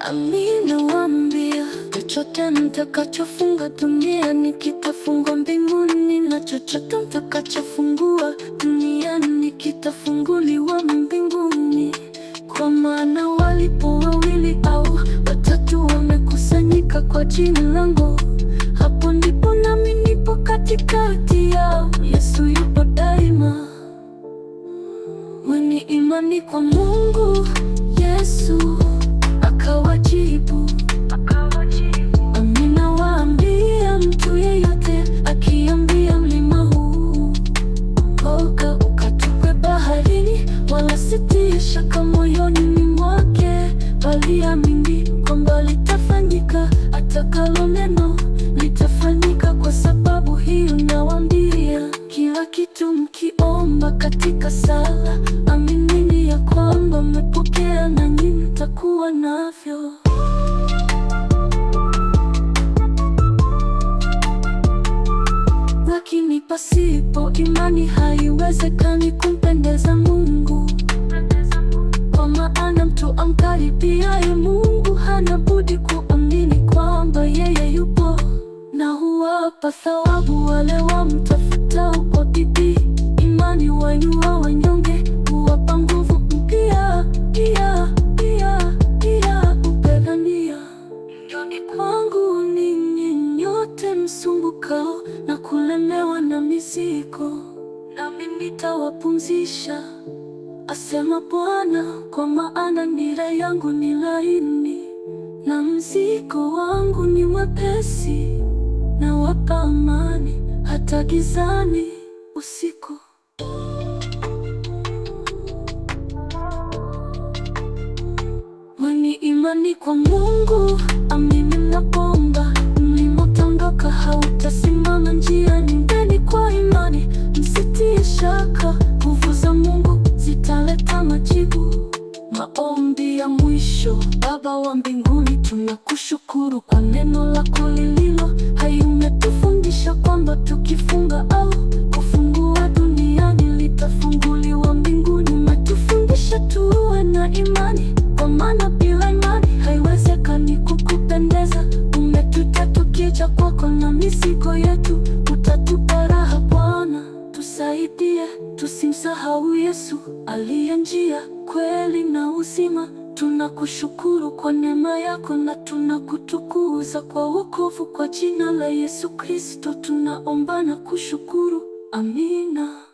Amina wambia, chochote mtakachofunga duniani kitafungwa mbinguni, na chochote mtakachofungua duniani kitafunguliwa mbinguni. Kwa maana walipo wawili au watatu wamekusanyika kwa jina langu, hapo ndipo nami nipo katikati yao. Yesu yupo daima. Weni imani kwa Mungu Yesu akawajibu, Amina waambia mtu yeyote akiambia mlima huu ng'oka ukatupwe baharini, wala sitie shaka moyoni mwake, bali amini kwamba litafanyika atakalo neno litafanyika. Kwa sababu hiyo nawaambia, kila kitu mkiomba katika sala pasipo imani haiwezekani kumpendeza Mungu, kwa maana mtu amkaribiaye Mungu hana budi kuamini kwamba yeye yupo na huwapa thawabu wale wamta na kulemewa na mizigo, nami nitawapumzisha, asema Bwana, kwa maana nira yangu ni laini na mzigo wangu ni mwepesi. Nawapa amani hata gizani usiku. Mwenye imani kwa Mungu, amini. ya mwisho, Baba wa mbinguni, tunakushukuru kwa neno lako lililo tusimsahau Yesu aliye njia, kweli na uzima. Tunakushukuru kwa neema yako na tunakutukuza kwa wokovu, kwa jina la Yesu Kristo tunaomba na kushukuru. Amina.